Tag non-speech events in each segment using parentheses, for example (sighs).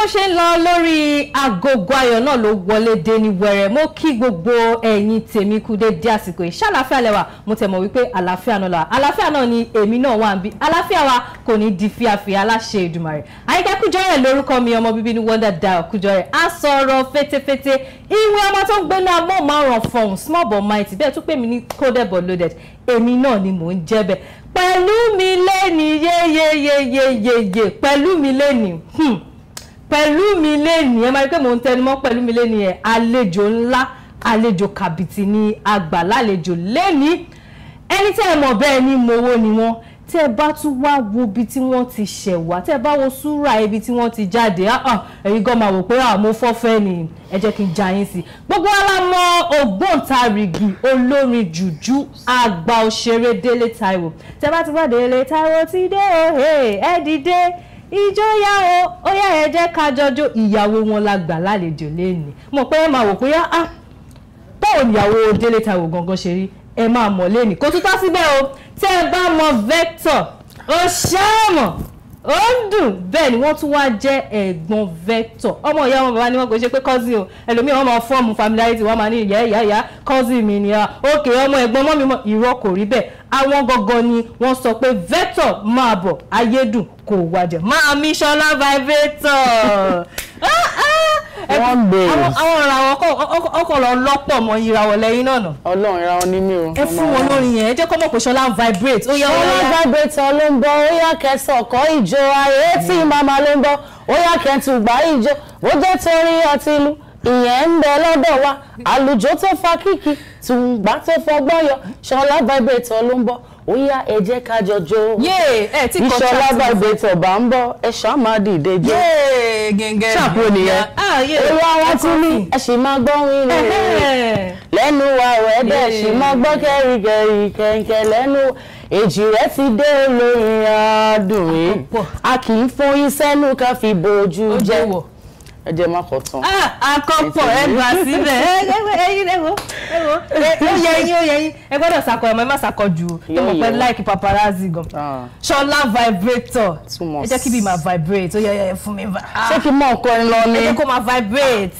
bó ṣe ń lọ lórí agogo ayọ̀ náà ló wọlé dé ní wẹ̀rẹ̀ mo kí gbogbo ẹ̀yin tèmi kú dédé àsìkò yìí ṣàlàáfíà lẹwà mo tẹ̀ mọ̀ wípé àlàáfíà náà là àlàáfíà náà ni èmi náà wà ń bí àlàáfíà wa kò ní di fíafíà aláṣẹ Èdùmàrè Àyìnkẹ́ Kújọrẹ̀ lórúkọ mi ọmọ bíbí ní wonder dial Kújọrẹ̀ á sọ̀rọ̀ fetefete ìwé ọmọ tó ń gbé náà amóhùnmáwòrán fọhùn small but mighty bẹ́ẹ̀ tún pè mí ní coded but loaded èmi náà ni mò ń jẹ́ bẹ́ẹ̀ pẹ̀lú mi lẹ́ni yéyeyeyeyeye pẹ̀lú mi lẹ́ni. Hmm pẹ̀lú mi lẹ́nìí ẹ máa rí pé mò ń tẹnumọ́ pẹ̀lú mi lẹ́nìí ẹ̀ àlejò ńlá àlejò kàbìtì ni àgbà lálejò lẹ́nìí ẹni tẹ́ ẹ mọ̀ bẹ́ẹ̀ ni wo ni wọ́n tẹ́ ẹ bá tún wá wo ibi tí wọ́n ti ṣẹ̀ wá tẹ́ ẹ bá wo súrà ibi tí wọ́n ti jáde ẹ̀yin gan máa wò pé àmọ́ fọ́fẹ́ ni ẹ jẹ́ kí n ja yín sí i gbogbo wa la mọ̀ ògbóǹtarìgì olórin jùjú àgbà òṣèré Délé Táíwò tẹ́ bá ti wá Délé Táíwò ti dé oh, ẹ dìde ya o ó yá ẹ jẹ́ ká jọjọ ìyàwó wọn la gbà lálejò lẹ́nu mọ̀ pé ẹ máa wò pé á ah, báwo níyàwó délé ta wò gangan ṣe rí ẹ máa mọ̀ lẹ́nu kó tún tá síbẹ̀ o tẹ́ ẹ bá mọ vector ó ṣàmọ̀ ó ń dùn bẹ́ẹ̀ ni wọ́n tún wá jẹ́ ẹ̀gbọ́n vector ọmọ ìyá wọn bàbá ni wọn kò ṣe pé cousin o ẹlòmíì wọn máa fọ́ọ̀mù familiarity wọn máa ní ìyá ìyá ìyá cousin mi ni a ah, òkè ọmọ ẹ̀gbọ́n mọ́ mọ́ ìrọ́ kò rí bẹ́ẹ̀ àwọn gangan ni wọn sọ pé vector máa bọ̀ ayédùn kò wájà máa mi ṣọlá vibrator (laughs) ah, ah. wọ́n béèrè àwọn ìràwọ̀ ọkọ̀ọ̀lọ́ lọ́pọ̀ mọ ìràwọ̀ lẹ́yìn náà nà. ọlọ́run ìràwọ̀ o. ẹ fún wọn lórí yẹn ẹ jẹ́ kó mọ̀ pé vibrate. vibrate ló ń kẹsàn ọkọ ìjọ ayé tí mm. màmá ló ń kẹntì ìjọ jẹ́ torí ọtí ìlú wa àlùjọ tó fa kíkì tùǹgbà tó fọgbọ́n yọ ṣọlá vibrator ló ń bọ̀ ó yá ẹ jẹ́ ká jọ jó ìṣọlá vibrator bá ń bọ̀ ẹ ṣáà má dìde jó ṣàpò nìyẹn ewu àwọn tún ní ẹ sì máa gbọ́ wírin rẹ̀ lẹ́nu wa rẹ̀ bẹ́ẹ̀ sì máa gbọ́ kẹ́ríkẹ́rí kẹ̀kẹ́ lẹ́nu èjì rẹ̀ ti dé olórin adùn yìí a kì í fún yín sẹ́nu ká fi bo ojú jẹ́ ẹ jẹ́ má kọ tán. akọpọ ah, ẹ gbà síbẹ̀ ẹyin ẹ wo ẹ wo ó ẹ gbọ́dọ̀ sakọ ẹ má sakọ jù ó tó mọ̀ pé like paparazzi gan. Ah. ṣọlá vibrator ẹ jẹ́ kí bí máa vibrate ó yẹ ẹ fún mi. ṣé kí mọ̀ nǹkan ẹ lọ ni. ẹ jẹ́ kó máa vibrate.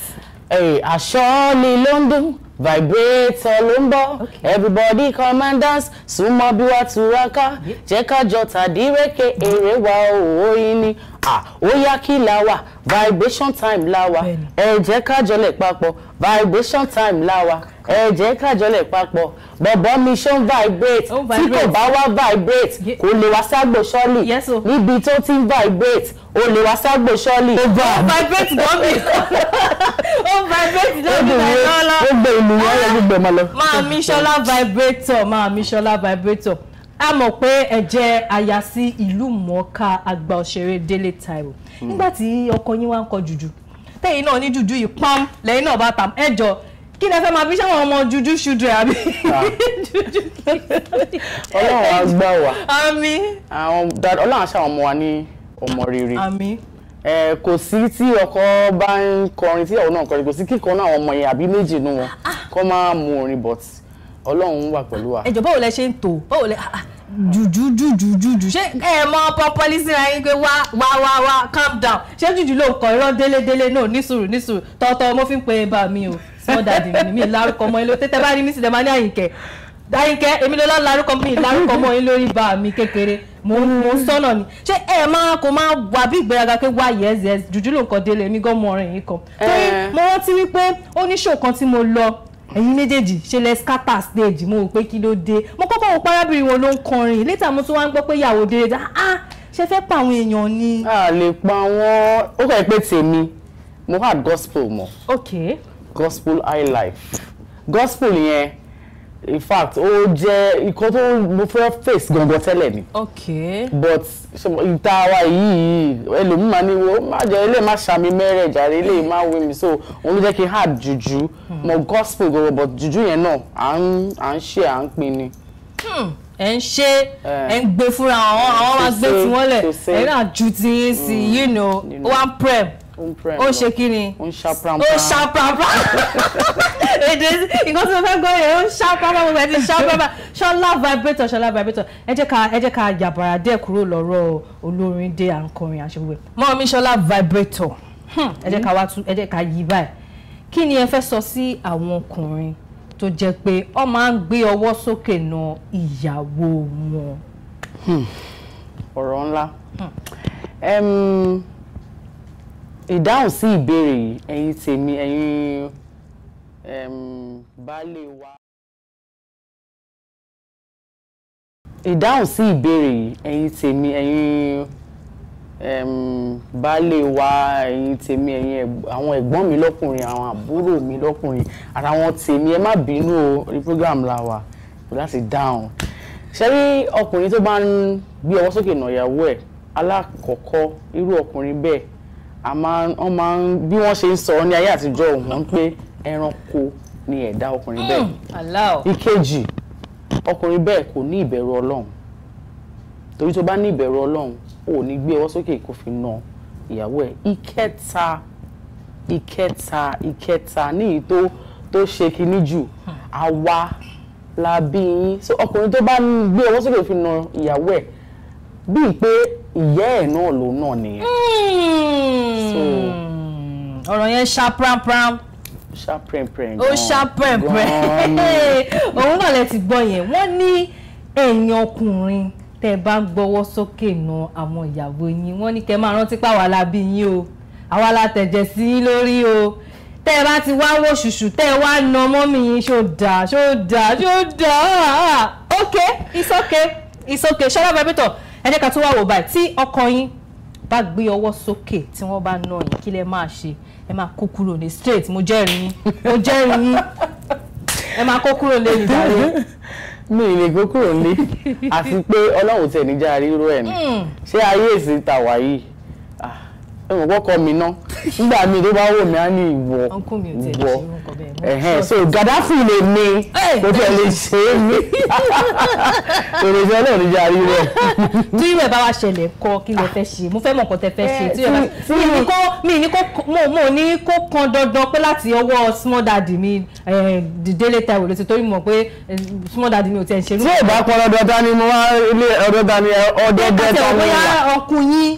Eh, aṣọ ni ló ń dún vibrator ló ń bọ̀ everybody come and dance súnmọ́ bí wàá túraká jẹ́ ká jọ tàdírẹ́kẹ̀ èrè wa òwò yín ni ó yá kí la wà vibration time la wà ẹ jẹ́ ká jọlẹ̀ papọ̀ vibration time la wà ẹ jẹ́ ká jọlẹ̀ papọ̀ bọ̀bọ̀ mi ṣó ń vibrate tí kò bá wá vibrate kò lè wá ságbo ṣọ́ọ̀lì níbi tó ti ń vibrate ó lè wá ságbo ṣọ́ọ̀lì. ó vibrate gọ́ọ̀mì ó vibrate lọ́bì lọ́lọ́ ó gbé ènìyàn lọ́gbẹ̀mọ́ lọ. máa mi ṣọlá vibrator máa mi ṣọlá vibrator a mọ̀ pé ẹ̀jẹ̀ àyà sí ìlú mọ̀ọ́ká àgbà òṣèré Délé Táíwò hmm. nígbà tí ọkọ yín wá ń kọ jùjú tẹ̀yìn náà ní jùjú yìí pam lẹ́yìn náà bá tam ẹ̀jọ̀ kí ni ẹ fẹ́ máa fi ṣáwọn ọmọ jùjú ṣùdùrẹ̀ àbí ah. jùjú kìí. ọlọ́run á gbà wá ọlọ́run á ọmọ wa ní ọmọ rere àmín ẹ kò sí tí ọkọ bá ń kọrin tí ìyàwó náà kọrin kò sí kíkan náà àwọn ọmọ yẹn àbí méjì nù wọn ah. kó máa mú orin bọ̀tì ọlọ́run wà pẹ̀lú wa. ẹjọ báwo lẹ ṣe ń tò báwo lẹ ah, ah, jùjùjùjùjù ṣé ẹ mọ pọpọlì síra yín pé wá wá wá wá calm down ṣé jùjù ló ń kọ irọ́ délédélé náà ní sùúrù tọ́tọ́ mo fi ń pe bá mi o small daddy mi mi lárúkọ ọmọ ilé tẹ́tẹ́ bá ní mí sílẹ̀ máa ní àyìnkẹ́ àyìnkẹ́ èmi ló lọ́ọ́ lárúkọ mi lárúkọ ọmọ yín lórí bá mi kékeré mo mo sọ́nà ni ṣé ẹ máa kó máa wà bí ìgbéraga pé wá yẹ́s yẹ́s jùjù ló kọ délé mi gan mọ ọ̀rìn yìí kan torí mo rántí wípé ó ní ṣòkan tí mo lọ ẹ̀yin méjèèjì ṣe lẹ scatter stage mo rò pé kí ló dé mo kọ́kọ́ wò párábìnrin wọn ló ń kọrin létà mo tún wá ń gbọ́ pé ìyàwó dé ah ṣe fẹ́ pa àwọn èèyàn ni. a lè pa wọn ó kàn pé tèmi mo wá gospel mọ. ok. gospel high life gospel yẹn in fact ó jẹ́ nǹkan tó mo fẹ́ face gangan tẹ́lẹ̀ ni. ok but ìta wa yìí ẹlòmíì máa ní wo má jẹ ilé má ṣàmì mẹ́rẹ̀ jàre ilé má wé mi so òun ló jẹ́ kí n hard juju hmm. mo gospel gangan but juju yẹn náà à ń ṣe à ń pin ni. Hmm. ẹ ń ṣe eh. ẹ ń gbé fúnra àwọn àwọn máa gbé tiwọn lẹ̀ ẹ náà ju ti yín sí hmm. yìí nù one prep ó ń ṣe kí ni ó ń ṣàpàpà èdè nǹkan tí mo fẹ́ gbọ́ yẹn ó ń ṣàpàpà mo fẹ́ ti ṣàpàpà ṣọlá vibrator ṣọlá vibrator ẹ jẹ́ ká ẹ jẹ́ ká yàbàrà díẹ̀ kúrò lọ́rọ̀ olórin dé à àṣewé mọ́ mi ṣọlá vibrator hmm, ẹ jẹ́ ká wá tún ẹ jẹ́ ká yí báyìí kí ni ẹ fẹ́ sọ sí àwọn ọkùnrin tó jẹ́ pé ó máa ń gbé ọwọ́ sókè na ìyàwó wọn. Hmm, ọ̀rọ̀ ńlá. Hmm ìdáhùn sí ìbéèrè yìí ẹ̀yin tèmi ẹ̀yin baálé wa. ìdáhùn sí ìbéèrè yìí ẹ̀yin tèmi ẹ̀yin baálé wa ẹ̀yin tèmi ẹ̀yin àwọn ẹ̀gbọ́n mi lọ́kùnrin àwọn àbúrò mi lọ́kùnrin àtàwọn tèmi ẹ má bínú o orí program la wà láti dáhùn ṣe rí ọkùnrin tó bá ń gbé ọwọ́ sókè nà ìyàwó ẹ̀ alákọ̀ọ́kọ́ irú ọkùnrin bẹ́ẹ̀ wọ́n máa ń bí wọ́n ṣe ń sọ ní ayé àtijọ́ òun pé ẹranko ni ẹ̀dá ọkùnrin bẹ́ẹ̀ hmm, ìkejì ọkùnrin bẹ́ẹ̀ kò ní ìbẹ̀rù ọlọ́run torí tó bá ní ìbẹ̀rù ọlọ́run ò ní gbé ọwọ́ sókè kó fi na ìyàwó ẹ̀ ìkẹta ìkẹta ìkẹta ní èyí tó tó ṣe kinní jù àwa la bí yín so ọkùnrin tó bá gbé ọwọ́ sókè fi na ìyàwó ẹ̀ bíi pé ìyá ẹ̀ náà ló náà nìyẹn. Hmm. Hmm. ọ̀rọ̀ yẹn ṣá pram-pram ṣàpẹ̀pẹ̀ ó ṣàpẹ̀pẹ̀ òun náà lẹ ti gbọ́ yẹn wọ́n ní ẹ̀yin ọkùnrin tẹ́ bá ń gbọ́wọ́ sókè na àwọn ìyàwó yín wọ́n ní kẹ́ máa rántí pa wà lábí yín o àwa la tẹ̀jẹ̀ sí yín lórí o tẹ́ ẹ bá ti wá wò ṣùṣù tẹ́ ẹ wá na mọ́mì yín ṣó dà ṣó dà ṣó dà ah, ah. okay it's okay it's okay ṣọlá bàbá tó ẹ jẹ́ ká tún wá wò báyìí tí ọkọ yín bá gbé ọwọ́ sókè tí wọ́n bá nà yín kí lẹ máa ṣe ẹ máa kó kúrò ní straight mo jẹ́rìí yín mo jẹ́rìí yín ẹ máa kó kúrò lé nìdáre. mi ì lè kó kúrò lé àti pé ọlọ́run tẹ̀ níjà ríró ẹ̀ ni hmm. ṣé ayé ìsìn tàwa yìí ẹ̀wọ̀n kọ́kọ́ mi ná nígbà míì tó bá wò mí á ní ìwọ ìwọ ẹ̀hẹ́n so Gaddafi lè mi kò tẹ̀ lè ṣe é mi (laughs) èròjà náà níjà rí rẹ̀. tí irú ẹ̀ bá wá ṣẹlẹ̀ kọ kí lè fẹ́ ṣe mo fẹ́ mọ̀ nǹkan tẹ fẹ́ ṣe eh, tí irú ẹ̀ bá mi ní kó mi ní kó mo mo ní kó kan dandan pé láti ọwọ́ small daddy mi Délé Táíwò ló ti torí mọ̀ pé eh, small daddy mi ò tẹ̀ ń ṣe. tí ò bá pọn dandan ta ni mo wá ilé ọdọ ta ni ọdọ bẹ́ẹ̀ ta ni wà. Ah, ọkùnrin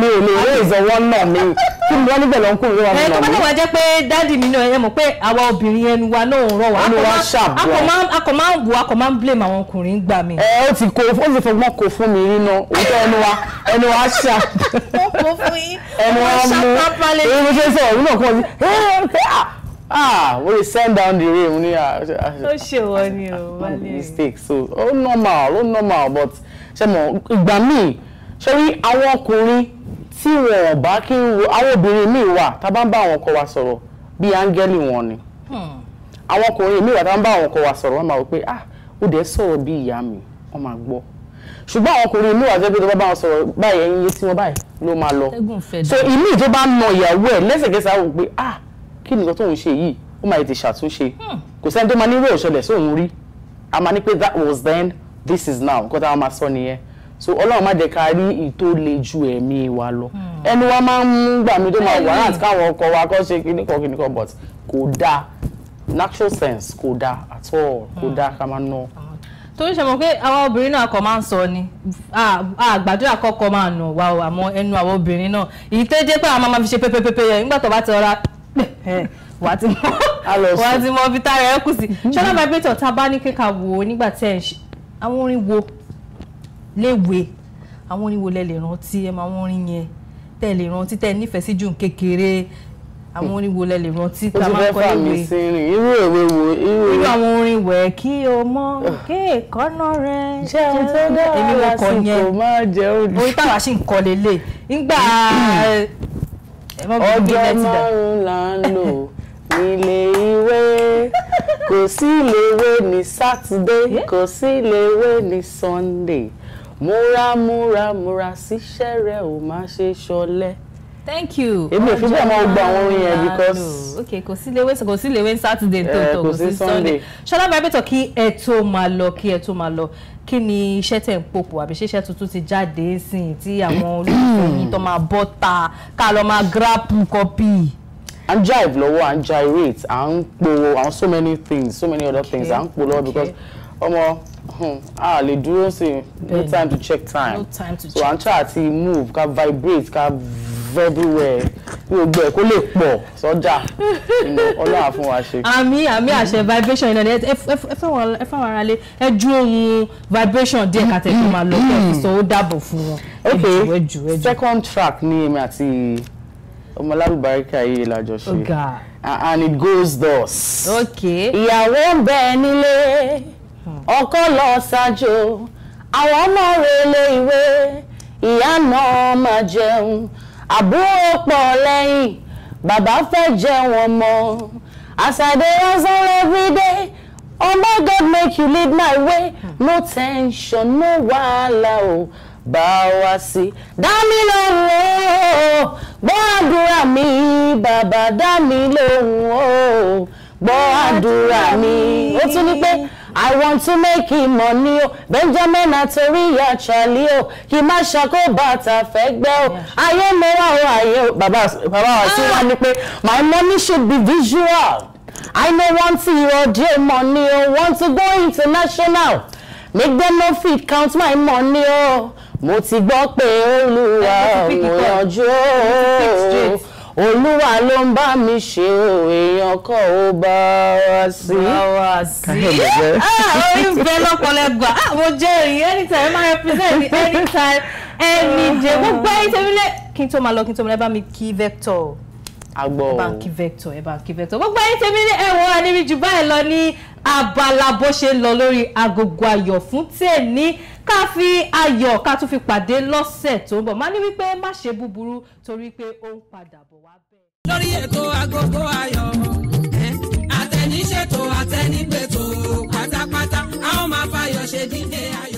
mi ò lè ìyàwó ìzọwọ́ náà mi kí ni wọ́n níbẹ̀ lọ ń kó ìrora mi lọ. tó bá dẹ̀ wá jẹ́ pé dáàdì mi náà ẹ mọ̀ pé àwa obìnrin ẹnu wa náà ń rọ̀ wá. ẹnu wa ṣàbùwà a kò máa ń wò a kò máa ń blame àwọn ọkùnrin gbà mí. ẹ eh, ó ti kó ó ti fọgbọ́n kó fún mi rí náà òótọ́ ẹnu wa ẹnu wa ṣà. ẹnu wa mú èyí ló ṣe sọ òun náà kọ́ ah, ah we dey send down the rain we ah, need. Ah, ó ṣe wọ ni o wálé. mistake so ó normal ó normal but ṣe mọ ìgbà míì ṣe rí àwọn ọkùnrin tí wọn ò bá kí obìnrin míì wà tá bá ń bá àwọn ọkọ wa sọ̀rọ̀ bíi áńgẹ́lì wọn ni hmm. àwọn ọkùnrin míì wà tá a bá àwọn ọkọ wa sọ̀rọ̀ wọn máa pé ah ó dẹ̀ sọ̀rọ̀ bíi ìyá mi wọ́n máa ṣùgbọ́n àwọn ọkùnrin míì wà tó bá bá wọn sọ̀rọ̀ báyìí ẹyin yé tí wọ́n báyìí ló lọ so ìmí tó bá ìyàwó ẹ̀ lẹ́sẹ̀kẹsẹ̀ àwọn pé ah kí ṣe yìí ó máa so ọlọ́run má jẹ́ ká rí ìtò le ju ẹ̀mí wa lọ hmm. ẹnu wa máa ń mú gbà mí tó máa wà láti káwọn ọkọ wa kọ́ ṣe kíní kan kíní kan but kò dáa natural sense kò dáa at all kò hmm. dáa ká máa ná. torí ṣe mọ̀ pé àwọn obìnrin náà kọ́ máa ń sọ ni àgbàdúrà kọ́kọ́ máa nà wá o àmọ́ ẹnu àwọn obìnrin náà èyí tó jẹ́ pé àwọn máa fi ṣe pépépépé yẹn nígbà tó bá ti rọra (laughs) wà á ti mọ wà á ti mọ fi tára ẹ kù sí ṣọlá bàbá ètò tá a bá ní kéka wò ó nígbà tẹ́ àwọn orin wo léwe àwọn orin wo lẹ lè rántí ẹ máa wọ́n rin yẹn tẹ́ lè rántí tẹ́ nífẹ̀ẹ́ sí jù kékeré àwọn orin wo lẹ lè rántí tá a máa kọ ìwé irú ìwé wo irú irú àwọn orin wẹ̀ kí o mọ̀ (sighs) kéèkọ́nà rẹ jẹun tó dára lásìkò máa jẹ olùkọ́ orí táwa sì ń kọ lélẹ̀ nígbà (clears throat) ọjọ́ márùn là ń lò nílé ìwé (laughs) kò sí ilé ìwé ní sátidé eh? kò sí ilé ìwé ní sunday múra múra múra síṣẹ́ rẹ ò má ṣe ṣọ̀lẹ. thank you. èmi ò fi bẹ́ẹ̀ mọ gbọ́ àwọn orin yẹn because. ok kò sí lewé kò sí lewé saturday tó eh, tó kò sí sunday ṣọlá bàbẹ́tọ̀ kí ẹ tó máa lọ kí ẹ tó máa lọ kí ni iṣẹ́ tẹ̀ ń pòpò àbí ṣíṣẹ́ tuntun ti jáde sí i tí àwọn olùsọ̀rọ̀ yìí tó máa bọ́ ta ká lọ máa grapple copy à ń jive lọ́wọ́ à ń gyrate à ń pòwò so many things so many other okay. things à ń pò lọ́wọ́ because ọmọ. Okay. Um, Hmm. a lè dúró sí no time to check time no time to so I'm trying to move ká vibrate ká everywhere gbogbo ẹ kó lè pọ̀ sọ́jà ọlọ́wà fún wa ṣe. àmì àmì àṣẹ vibration iná ni ẹ fẹ́ wọn aráalé ẹ ju ohun vibration díẹ̀ ká tẹ̀sí máa lọ bẹ́ẹ̀ so ó dàbọ̀ fún wọn. ok second track ni èmi àti ọmọlábùbáríkà yìí lájọ ṣe and it goes thus. ok ìyàwó ń bẹ nílé ọkọ lọ ṣáájú àwọn ọmọ rẹ̀ lé ìwé ìyá náà máa jẹun àbúrò pọ̀ lẹ́yìn bàbá fẹ́ jẹun ọmọ as i dey hustle every day oh my god make you lead my way no tension no wahala o bá wa sí dá mi lóhùn o gbọ́ àdúrà mi bàbá dá mi lóhùn o gbọ́ àdúrà mi ó tún ní pé. I want to make him money o oh. Benjamin Atoriya Charlie o oh. kì í má ṣàkóbá tàfẹ́gbẹ́ o oh. ayé mo wá o ayé o bàbá wa sí wa ah. ni pé my money should be visual I no want your dear money o want to go international make dem no fit count my money o. Oh mo ti gbọ́ pé olúwa òyànjú olúwa ló ń bá mi ṣe o èèyàn kọ́ ó bá wa sí. bá wa sí. Ah, orí bẹ lọ́pọ̀lọpọ̀ ah, mo jẹ́rìí anytime máa represent anytime ẹnì (laughs) jẹ gbogbo ẹ̀yìn tẹ́mi lẹ́ kí n tó máa lọ kí n tó máa lẹ́ bá mi kí vector agbọ́ o. banki vector ẹ banki vector gbogbo ayé tèmi ní ẹ̀wọ̀n àníbi jù báyìí lọ ní abala bó ṣe lọ lórí agogo ayọ̀ fún tèmi ká fi ayọ̀ ká tún fi pàdé lọ́sẹ̀ tó ń bọ̀ má ní wípé má ṣe búburú torí pé ó ń padà bọ̀ wá bẹ́ẹ̀. lórí ètò agogo ayọ̀ àtẹniṣètò àtẹnigbètò pátápátá a ó máa fayọ̀ ṣe dídé ayọ̀.